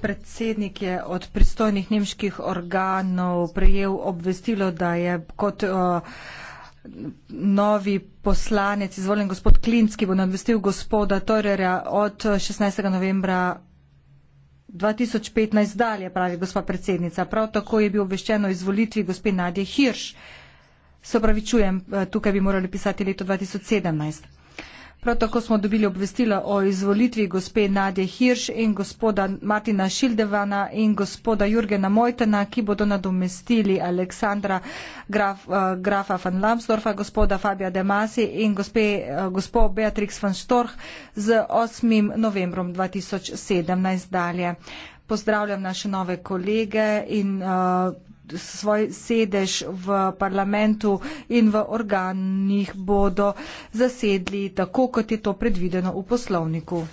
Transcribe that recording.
Predsednik je od pristojnih nemških organov prejel obvestilo, da je kot uh, novi poslanec, izvoljen gospod Klinc, ki bo nadvestil gospoda Torjera od 16. novembra 2015 dalje, pravi gospa predsednica. Prav tako je bil obveščen o izvolitvi gospe Nadje Hirš. Se pravi, čujem, eh, tukaj bi morali pisati leto 2017. Prav tako smo dobili obvestilo o izvolitvi gospe Nadje Hirš in gospoda Martina Šildevana in gospoda Jurgena Mojtena, ki bodo nadomestili Aleksandra Graf, uh, Grafa van Lambsdorfa, gospoda Fabija Demasi in gospe, uh, gospo Beatrix van Storch z 8. novembrom 2017 dalje. Pozdravljam naše nove kolege in uh, svoj sedež v parlamentu in v organih bodo zasedli tako, kot je to predvideno v poslovniku.